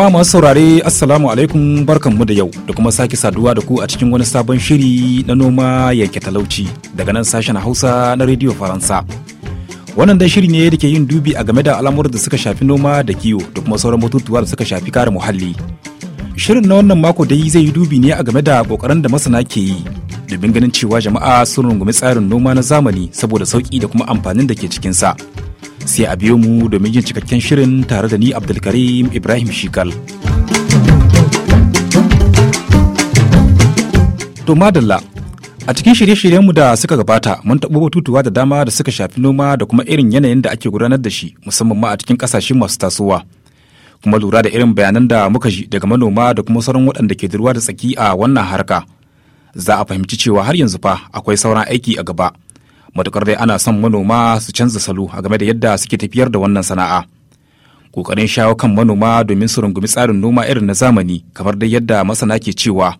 jama'a masu saurare assalamu alaikum barkanmu da yau da kuma sake saduwa da ku a cikin wani sabon shiri na noma yanke talauci daga nan sashen hausa na rediyo faransa wannan dai shiri ne da ke yin dubi a game da al'amuran da suka shafi noma da kiwo da kuma sauran batutuwa da suka shafi kare muhalli shirin na wannan mako dai zai yi dubi ne a game da kokarin da masana ke yi domin ganin cewa jama'a sun rungumi tsarin noma na zamani saboda sauki da kuma amfanin da ke cikinsa. sa sai a biyo mu domin yin cikakken shirin tare da ni abdulkarim ibrahim shikal to madalla a cikin shirye-shiryenmu da suka gabata mun taɓo batutuwa da dama da suka shafi noma da kuma irin yanayin da ake gudanar da shi musamman ma a cikin ƙasashe masu tasowa kuma lura da irin bayanan da muka ji daga manoma da kuma sauran waɗanda ke durwa da tsaki a wannan harka za a fahimci cewa har yanzu fa akwai sauran aiki a gaba matukar dai ana son manoma su canza salo a game da yadda suke tafiyar da wannan sana'a kokarin shawo kan manoma domin su rungumi tsarin noma irin na zamani kamar dai yadda masana ke cewa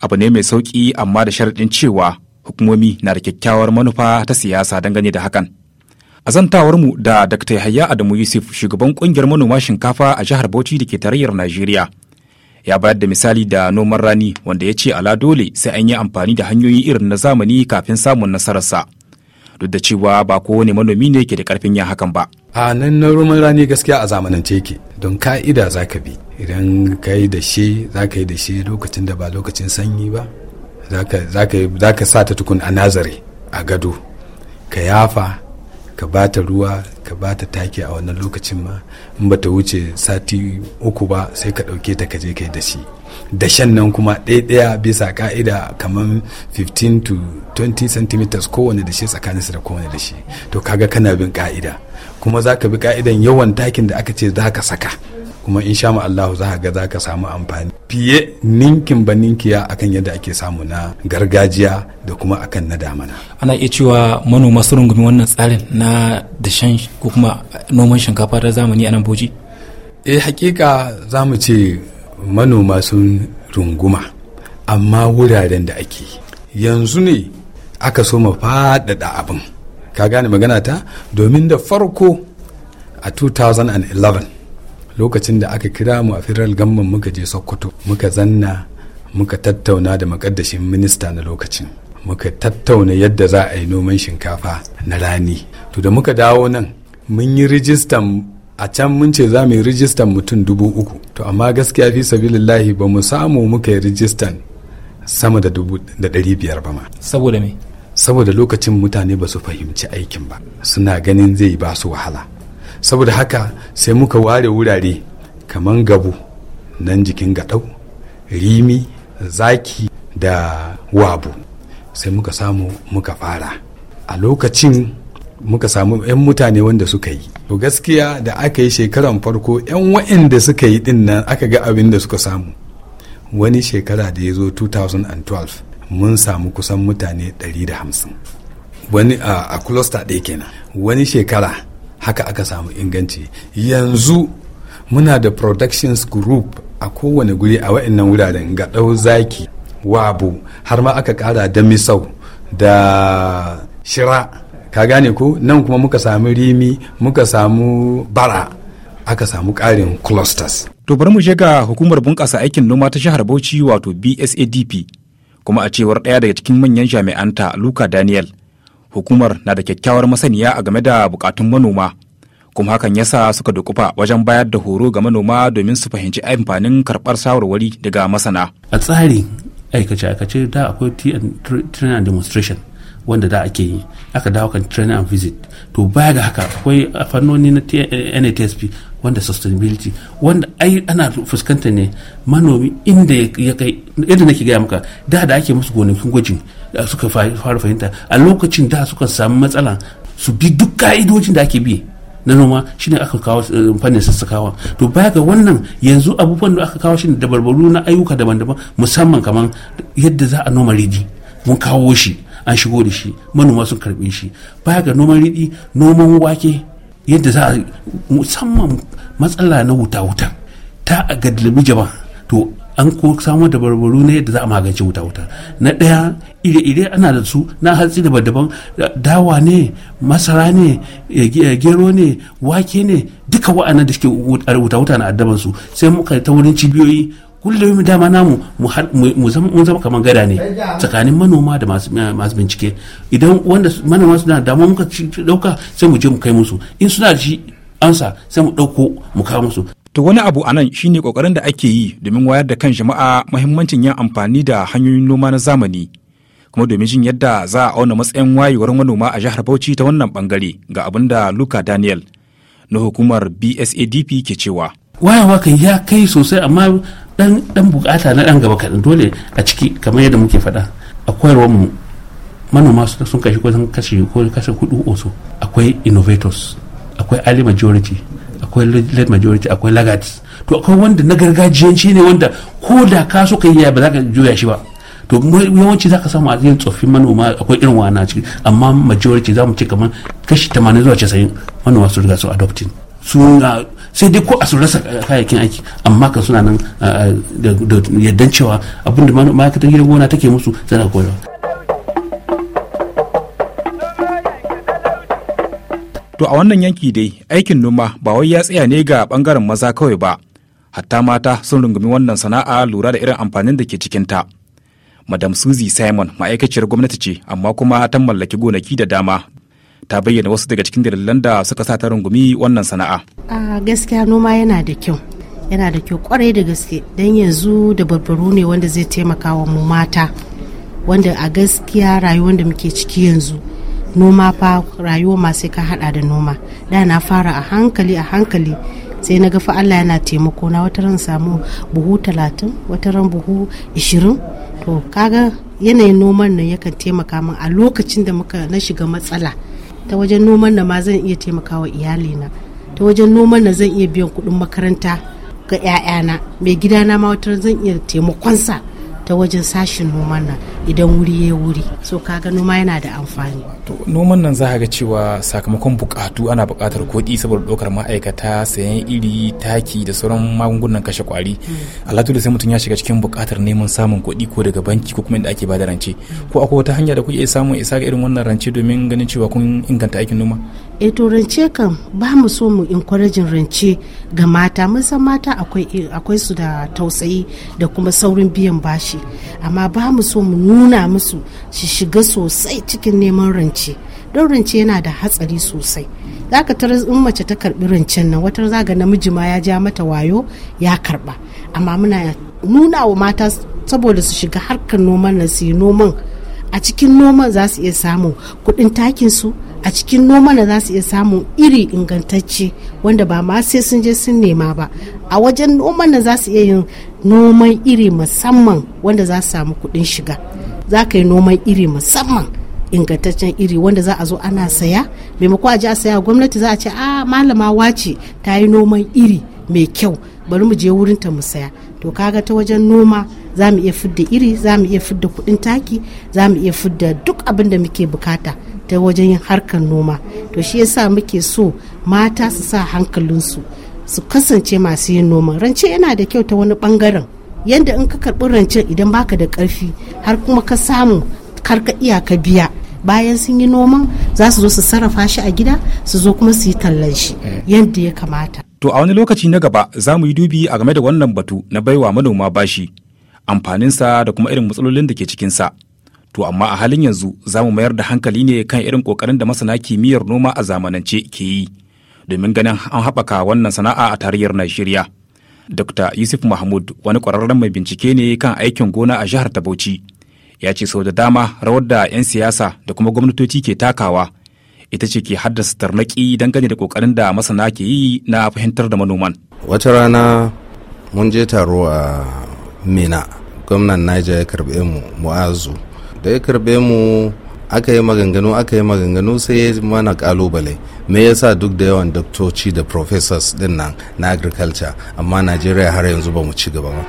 abu ne mai sauƙi amma da sharaɗin cewa hukumomi na da kyakkyawar manufa ta siyasa dangane da hakan mu da dr yahaya adamu yusuf shugaban kungiyar manoma shinkafa a jihar bauchi da ke tarayyar najeriya ya bayar da misali da noman rani wanda ya ce ala dole sai an yi amfani da hanyoyi irin na zamani kafin samun nasararsa duk da cewa ba kowane manomi ne ke da karfin yin hakan ba a nan na roman rani gaskiya a zamanance yake don ka'ida za ka bi idan ka yi da shi za ka yi da shi lokacin da ba lokacin sanyi ba za ka sa ta tukun a nazari a gado ka yafa ka ba ta ruwa ka ba ta take a wannan lokacin ma in ba ta wuce sati uku ba sai ka ɗauke ta ka je kai da shi da shan nan kuma ɗaya-ɗaya bisa ka'ida kamar 15 to 20 centimeters kowane da shi tsakanin su da kowane da to kaga kana bin ka'ida kuma za ka bi ka'idan yawan takin da aka ce za ka saka kuma in sha Allah za ga za ka samu amfani fiye ninkin ba ninkiya akan yadda ake samu na gargajiya da kuma akan na damana ana iya cewa manoma su rungumi wannan tsarin na dashen ko kuma noman shinkafa ta zamani a nan boji e eh, hakika za mu ce manoma sun runguma amma wuraren da ake yanzu ne aka so mu faɗaɗa abin ka gane magana ta domin da farko a 2011 lokacin da aka kira mu a firar gamman muka je sokoto muka zanna muka tattauna da makaddashin minista na lokacin muka tattauna yadda za a yi noman shinkafa na rani to da muka dawo nan mun yi rijistan a can mun ce za mu yi rijistan mutum dubu uku to amma gaskiya fi sabilillahi ba mu samu muka yi rijistan sama da dubu da ɗari biyar ba ma saboda me saboda lokacin mutane ba su fahimci aikin ba suna ganin zai ba su wahala saboda haka sai muka ware wurare kamar gabu nan jikin gaɗau rimi zaki da wabu sai muka samu muka fara a lokacin muka samu 'yan mutane wanda suka yi to gaskiya da aka yi shekaran farko 'yan wa'inda suka yi din nan aka ga abin da suka samu wani shekara da ya zo 2012 mun samu kusan mutane 150 wani a cluster ɗaya kenan wani shekara haka aka samu inganci yanzu muna da productions group a kowane guri a wa'annan wuraren ga ɗau zaki wabu har ma aka ƙara da misau da shira ka gane ko nan kuma muka samu rimi muka samu bara aka samu ƙarin clusters to bari mu shiga hukumar bunƙasa aikin noma ta shahar bauchi wato bsadp kuma a cewar ɗaya daga cikin manyan jami'anta luka daniel hukumar na da kyakkyawar masaniya a game da bukatun manoma kuma hakan yasa suka dukufa wajen bayar da horo ga manoma domin su fahimci amfanin karbar shawarwari daga masana a tsarin aikace-aikace da akwai training and demonstration wanda da ake yi aka dawo kan training and visit to baya ga haka akwai fannoni na ntsp eh, wanda sustainability wanda ai ana fuskanta ne manomi inda ya kai yadda nake gaya maka da da ake musu gonakin gwajin suka fara fahimta a lokacin da suka samu matsala su bi duk ka'idojin da ake bi na noma shine aka kawo eh, fannin sassakawa to baya ga wannan yanzu abubuwan da aka kawo shine dabarbaru na ayyuka daban-daban musamman kamar yadda za a noma ridi mun kawo shi an shigo da shi manoma sun karbe shi baya ga noman ridi noman wake yadda za a musamman matsala na wuta-wuta ta a gadlabi to an ko samar da barbaru ne da za a magance wuta wuta na ɗaya ire-ire ana da su na hatsi daban-daban dawa ne masara ne eh, eh, gero ne wake ne duka wa'annan da suke wuta wuta na addaban su sai muka ta wurin cibiyoyi kullum dama namu mu zama kamar gada ne tsakanin manoma da masu bincike idan wanda manoma suna dama muka dauka sai mu je mu kai musu in suna shi ansa sai mu dauko mu kawo musu To wani abu a nan ne kokarin da ake yi domin wayar da kan jama'a mahimmancin yin amfani da hanyoyin noma na zamani kuma domin jin yadda za a auna matsayin wayewar manoma a jihar Bauchi ta wannan bangare ga abin da Luka Daniel na hukumar BSADP ke cewa. Wayawa kan ya kai sosai amma dan dan bukata na dan gaba kaɗan dole a ciki kamar yadda muke faɗa a koyarwar mu manoma sun kashi kusan kashi ko kashi hudu oso akwai innovators akwai early majority akwai late majority akwai lagats to akwai wanda na gargajiyanci ne wanda ko da ka so ka yi ba za ka juya shi ba to yawanci za ka samu a cikin tsoffin manoma akwai irin wana ciki amma majority za mu ce kamar kashi 80 zuwa 90 manoma su riga su adopting suna sai dai ko a su rasa kayayyakin aiki amma kan suna nan da yardan cewa abinda ma'aikatan gidan gona take musu tana koyarwa To a wannan yanki dai aikin noma ba wai ya tsaya ne ga bangaren maza kawai ba, hatta mata sun rungumi wannan sana'a lura da irin amfanin da ke cikinta. Madam Suzy Simon ma'aikaciyar gwamnati ce amma kuma ta mallaki gonaki da dama. Ta bayyana wasu daga cikin dalilan da suka sa ta rungumi wannan sana'a. A gaskiya noma yana da kyau. Yana da kyau kwarai da gaske don yanzu da barbaro ne wanda zai taimaka wa mu mata. Wanda a gaskiya rayuwar da muke ciki yanzu. noma fa rayuwa ma sai ka hada da noma da na fara a hankali a hankali sai na ga fa Allah yana taimako na wata ran samu buhu talatin wata ran buhu ishirin to kaga yanayin noman nan yakan taimaka min a lokacin da muka na shiga matsala ta wajen noman nan ma zan iya taimakawa iyalina ta wajen noman nan zan iya biyan kuɗin makaranta ga 'ya'yana mai gidana ma wata zan iya taimakonsa ta wajen sashin noman nan idan wuri ya wuri so ga noma yana da amfani to noman nan za ga cewa sakamakon bukatu ana bukatar kuɗi saboda ɗaukar ma'aikata sayan iri taki da sauran magungunan kashe kwari hmm. alatu da sai mutum ya shiga cikin bukatar neman samun kuɗi ko daga banki ko kuma inda ake bada rance hmm. ko akwai wata hanya da kuke iya samun isa ga irin wannan rance domin ganin cewa kun inganta aikin noma e to rance kan ba mu so mu encouraging rance ga mata mun san mata akwai akwai su da tausayi da kuma saurin biyan bashi amma ba mu so mu nuna musu su shiga sosai cikin neman rance don rance yana da hatsari sosai za ka tarar in mace ta karbi rancen nan wata zaga namiji ma ya ja mata wayo ya karba amma muna nuna wa mata saboda su shiga harkar noman nan su yi noman a cikin noman za su iya samun kuɗin takin su a cikin noman nan za su iya samun iri ingantacce wanda ba ma sai sun je sun nema ba a wajen noman nan za su iya yin noman iri musamman wanda za su samu kuɗin shiga za ka yi noman iri musamman ingantaccen iri wanda za a zo ana saya maimako a ji a saya gwamnati za a ce a ah, malama wace ta yi noman iri mai kyau bari mu je wurin ta mu saya to kaga ta wajen noma za mu iya fidda iri za mu iya fidda kudin taki za mu iya fidda duk abin da muke bukata ta wajen yin harkar noma to shi yasa muke so mata su sa hankalinsu su kasance masu yin noman rance yana da kyau ta wani bangaren yadda in ka karɓi rancen idan baka da ƙarfi har kuma ka samu har ka iya ka biya bayan sun yi noman za su zo su sarrafa shi a gida su zo kuma su yi tallan shi eh. yadda ya kamata. To a wani lokaci na gaba za mu yi dubi a game da wannan batu na baiwa manoma bashi amfaninsa da kuma irin matsalolin da ke cikinsa. To amma a halin yanzu za mu mayar da hankali ne kan irin ƙoƙarin da masana kimiyyar noma a zamanance ke yi domin ganin an haɓaka wannan sana'a a tarayyar Najeriya. Dr. Yusuf Mahmud wani ƙwararren mai bincike ne kan aikin gona a jihar ta Bauchi. Ya ce sau da dama rawar da 'yan siyasa da kuma gwamnatoci ke takawa ita ce ke haddasa tarnaki dangane da ƙoƙarin da masana ke yi na fahimtar da manoman. Wata rana mun je taro a Mina, gwamnan Niger ya karbe mu Mu'azu. Da ya karbe mu aka yi maganganu aka yi maganganu sai ya mana kalubale me yasa duk da yawan doktoci da professors din nan na agriculture amma najeriya har yanzu ba mu ci gaba ba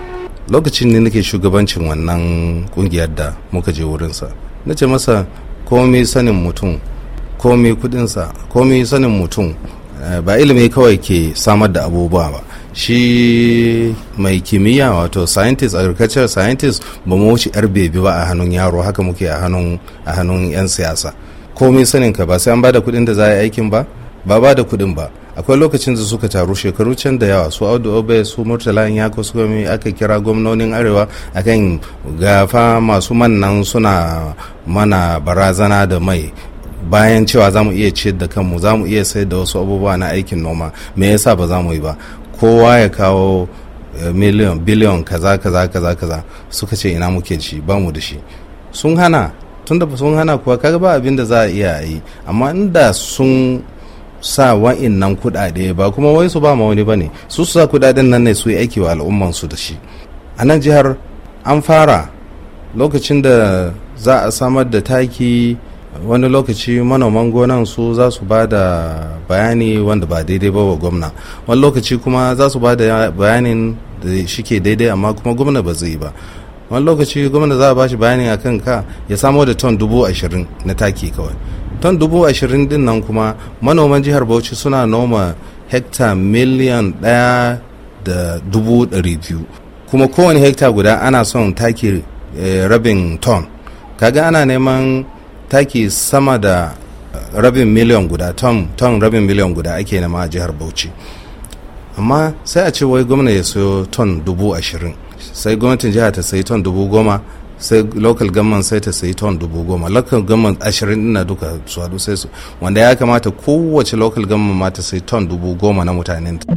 lokacin ne nake shugabancin wannan kungiyar da muka je wurinsa na ce masa komai sanin mutum komai kudinsa komai sanin mutum eh, ba ilimi kawai ke samar da abubuwa ba shi mai kimiyya wato scientist agricultural scientist ba mu wuce yar bebi ba a hannun yaro haka muke a hannun yan siyasa komai sanin ka ba sai an bada kuɗin da za a yi aikin ba ba ba da kuɗin ba akwai lokacin da suka taru shekaru can da yawa su audu obe su murtala ko su mai aka kira gwamnonin arewa akan gafa masu mannan suna mana barazana da mai bayan cewa za mu iya ciyar da kanmu za mu iya sayar da wasu abubuwa na aikin noma me yasa ba za mu yi ba kowa ya kawo eh, miliyan biliyon kaza kaza kaza kaza suka ce ina muke shi ba mu da shi sun hana tunda sun hana kuwa kaga ba abin da za a iya yi amma inda sun sa wa'in nan kudade ba kuma wai su ba ma wani bane su su sa kudaden nan ne su yi aiki wa al'umman su da shi a nan jihar an fara lokacin da za a samar da taki wani lokaci manoman gonan su za su ba da bayani wanda ba daidai ba wa gwamna wani lokaci kuma za su ba da bayanin da shi ke daidai amma kuma gwamna ba zai ba wani lokaci gwamna za a ba shi bayani a kan ka ya samo da ton dubu ashirin na taki kawai ton dubu ashirin din nan kuma manoman jihar bauchi suna noma hekta miliyan ɗaya da dubu ɗari biyu kuma kowane hekta guda ana son taki eh, rabin ton kaga ana neman taki sama da rabin miliyan guda ton rabin miliyan guda ake nema a jihar bauchi amma sai a ce wai gwamna ya sayo ton dubu ashirin sai gwamnatin jiha ta sayi ton dubu goma sai local government sai ta sayi ton dubu goma local government ashirin dina duka su hadu sai su wanda ya kamata kowace local government ma ta sayi ton dubu goma na mutanen ta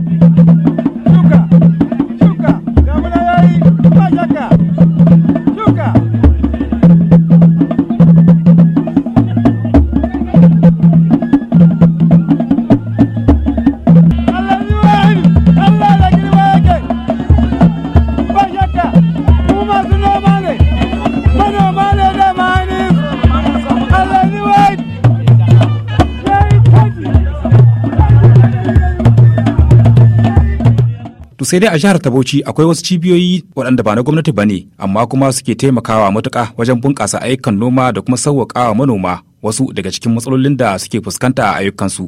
sai dai a jihar ta akwai wasu cibiyoyi waɗanda ba na gwamnati ba ne amma kuma suke taimakawa matuƙa wajen bunƙasa ayyukan noma da kuma sauwaƙawa manoma wasu daga cikin matsalolin da suke fuskanta a ayyukansu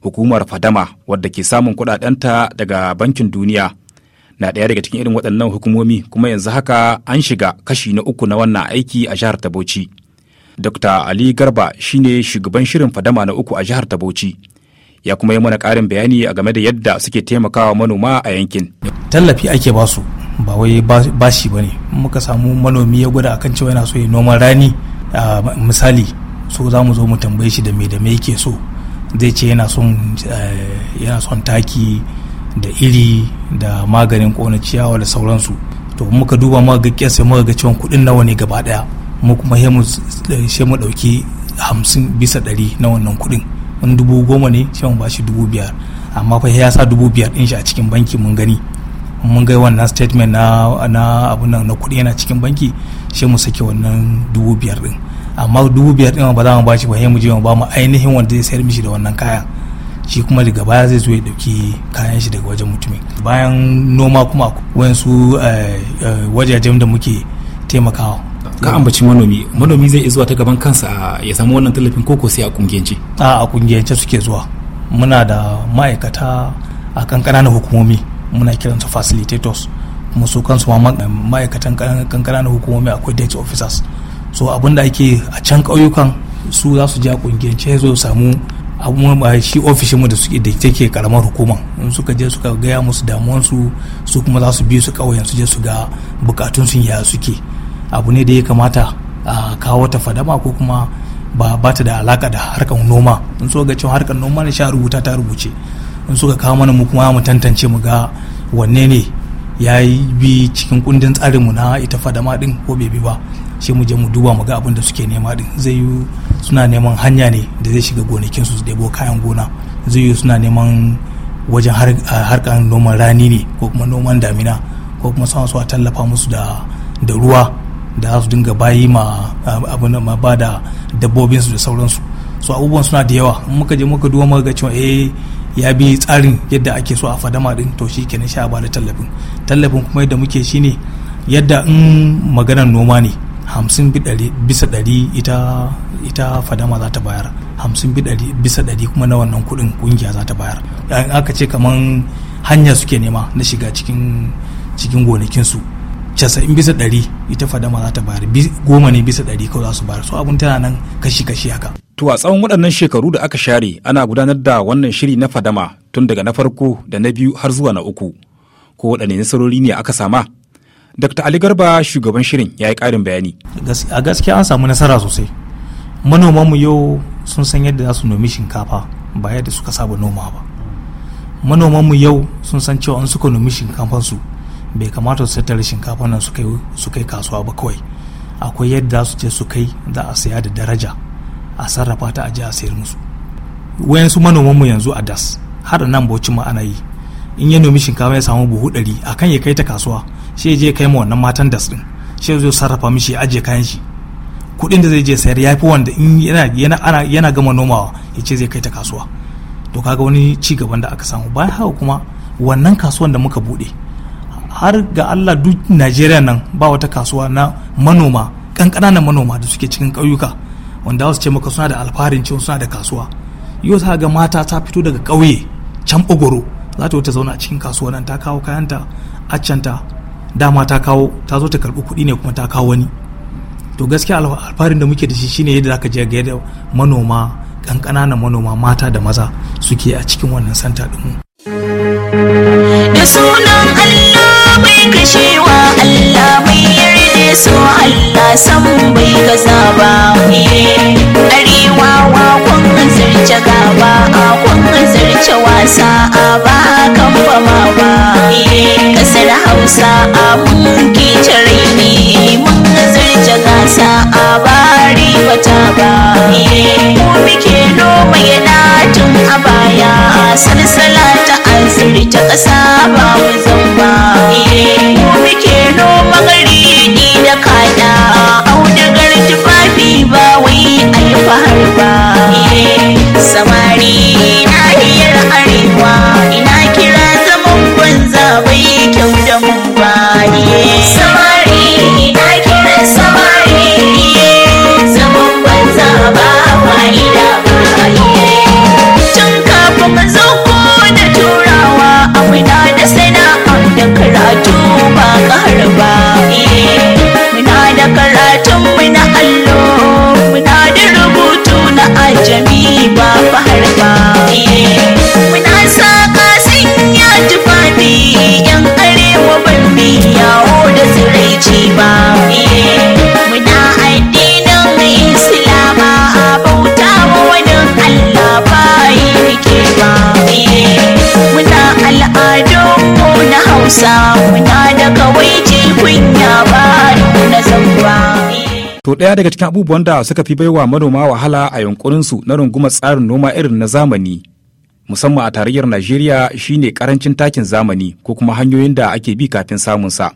hukumar fadama wadda ke samun kuɗaɗenta daga bankin duniya na ɗaya daga cikin irin waɗannan hukumomi kuma yanzu haka an shiga kashi na uku na wannan aiki a jihar ta bauchi dr ali garba shine shugaban shirin fadama na uku a jihar ta ya kuma yi mana ƙarin bayani a game da yadda suke taimakawa manoma a yankin. Tallafi ake ba su ba wai ba shi ba ne muka samu manomi ya gwada akan cewa yana so ya noman rani a misali so za mu zo mu tambaye shi da me da me yake so zai ce yana son eh, yana son taki da iri da maganin kona ciyawa da sauransu to muka duba muka ga kiyasa muka ga cewa kuɗin nawa ne gaba ɗaya mu kuma eh, sai mu ɗauki hamsin bisa ɗari na wannan kuɗin in dubu goma ne sai mu shi dubu biyar amma fa ya sa dubu biyar din shi a cikin banki mun gani mun ga wannan statement na na abun nan na kuɗi yana cikin banki shi mu saki wannan dubu biyar din amma dubu biyar din ba za mu bashi ba sai mu je mu ba mu ainihin wanda zai sayar mishi da wannan kayan shi kuma daga baya zai zo ya dauki kayan shi daga wajen mutumin bayan noma kuma wayansu eh, eh, wajajen da muke taimakawa ka ambaci manomi manomi zai iya zuwa ta gaban kansa ya samu wannan tallafin koko sai a kungiyance a a kungiyance suke zuwa muna da ma'aikata a kan na hukumomi muna kiransu facilitators kuma su kansu ma ma'aikatan kan na hukumomi akwai date officers so abin da ake a can ƙauyukan su za su je a kungiyance su samu shi mu da suke da take karamar hukuma in suka je suka gaya musu damuwansu su kuma za su bi su ƙauyen su je su ga bukatun sun yaya suke abu ne da ya kamata a kawo ta fadama ko kuma ba ba ta da alaka da harkar noma in so ga cewa harkar noma ne sha rubuta ta rubuce in so ga kawo mana mu kuma mu tantance mu ga wanne ne ya yi bi cikin kundin tsarin mu na ita fadama din ko bai bi ba shi mu je mu duba mu ga abin da suke nema din zai yi suna neman hanya ne da zai shiga gonakin su debo kayan gona zai yi suna neman wajen harkar noman rani ne ko kuma noman damina ko kuma sama su a tallafa musu da ruwa da za su dinga bayi ma abin ma ba da dabbobin su da sauransu su abubuwan suna da yawa in muka je muka duba muka ga cewa eh ya bi tsarin yadda ake so a fadama din to shi kenan sha ba da tallafin tallafin kuma yadda muke shine yadda in maganar noma ne hamsin bisa ɗari ita ita fadama za ta bayar hamsin bisa ɗari kuma na wannan kuɗin kungiya za ta bayar aka ce kaman hanya suke nema na shiga cikin cikin gonakinsu casa'in bisa ɗari ita fadama za ta bayar goma ne bisa ɗari kawai za su bayar su abun tana nan kashi-kashi haka. To a tsawon waɗannan shekaru da aka share ana gudanar da wannan shiri na fadama tun daga na farko da na biyu har zuwa na uku ko waɗanne nasarori ne aka sama. Dr. Ali Garba shugaban shirin ya yi ƙarin bayani. A gaskiya an samu nasara sosai. Manomanmu yau sun san yadda za su nomi shinkafa ba yadda suka saba noma ba. Manomanmu yau sun san cewa an suka nomi shinkafansu bai kamata su tattara shinkafa nan su kai kasuwa ba kawai akwai yadda su ce su kai za a saya da daraja a sarrafa ta a je a sayar musu wayan su manomanmu yanzu a das har nan bauchi ma ana yi in ya nomi shinkafa ya samu buhu ɗari kan ya kai ta kasuwa shi je kai ma wannan matan das din shi zai sarrafa mishi ya ajiye kayan shi kuɗin da zai je sayar ya fi wanda in yana gama nomawa ya ce zai kai ta kasuwa to kaga wani ci gaban da aka samu bayan haka kuma wannan kasuwan da muka buɗe har ga Allah duk Najeriya nan ba wata kasuwa na manoma kan ƙananan manoma da suke cikin ƙauyuka wanda su ce maka suna da alfaharin cewa suna da kasuwa yau ta ga mata ta fito daga ƙauye can ogoro za ta wata zauna a cikin kasuwa nan ta kawo kayanta ta dama ta kawo ta zo ta karɓi kuɗi ne kuma ta kawo wani to gaskiya alfaharin da muke da shi shine yadda zaka je ga yadda manoma kan ƙananan manoma mata da maza suke a cikin wannan santa ɗin da sunan sa'a mun kice raini mun zirce gasa a bari fata ba mu muke noma yana tun a baya salsala ta azuri ta ƙasa ba mu zamba mu muke noma gari ni da kada garin tufafi ba wai a yi fahar ba To ɗaya daga cikin abubuwan da suka fi baiwa manoma wahala a yunkurinsu na rungumar tsarin noma irin na zamani musamman a tarayyar Najeriya shine karancin takin zamani ko kuma hanyoyin da ake bi kafin samun sa.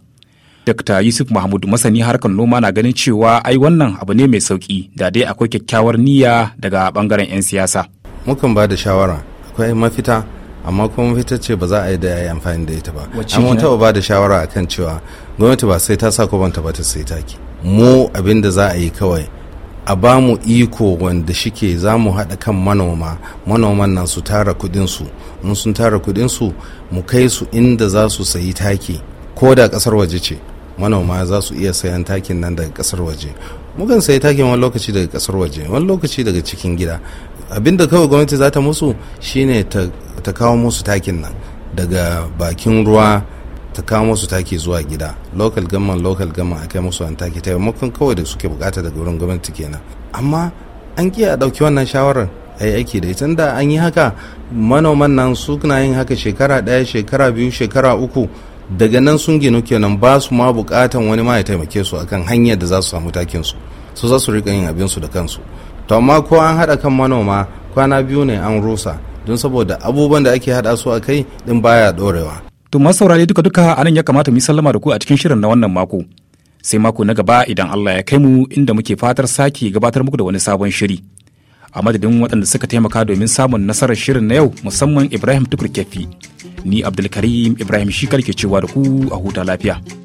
Dr. Yusuf Mahmud masani harkar noma na ganin cewa ai wannan abu ne mai sauki da dai akwai kyakkyawar niyya daga bangaren 'yan siyasa. Mukan ba da shawara akwai mafita amma kuma mafita ce ba za a yi da yayi amfani da ita ba. Amma taɓa ba da shawara akan cewa gwamnati ba sai ta sa ko ban ta ba ta sai taki. mu abin da za a yi kawai a ba mu iko wanda shike za mu haɗa kan manoma manoman nan su tara kudinsu in sun tara kudinsu mu kai su inda za su sayi taki ko da ƙasar waje ce manoma za su iya sayan takin nan daga ƙasar waje mukan sayi takin wani lokaci daga ƙasar waje wani lokaci daga cikin gida abin da kawai gwamnati za ta musu shine ta kawo musu takin nan daga bakin ruwa ta kawo musu taki zuwa gida local gamman local gamman a kai musu an taki taimakon kawai da suke bukata daga wurin gwamnati kenan amma an kiya a ɗauki wannan shawarar a yi aiki da ita da an yi haka manoman nan su na yin haka shekara daya shekara biyu shekara uku daga nan sun ginu kenan ba su ma bukatan wani ma ya taimake su akan hanyar da za su samu takin su su za su rika yin abin su da kansu to amma ko an haɗa kan manoma kwana biyu ne an rusa don saboda abubuwan da ake haɗa su a kai din baya ɗorewa To masu saurare duka duka anan ya kamata mu sallama da ku a cikin shirin na wannan mako. Sai mako na gaba idan Allah ya kai mu inda muke fatar sake gabatar muku da wani sabon shiri. A madadin waɗanda suka taimaka domin samun nasarar shirin na yau musamman Ibrahim Tukur Kefi. Ni Abdulkarim Ibrahim shi ke cewa da ku a huta lafiya.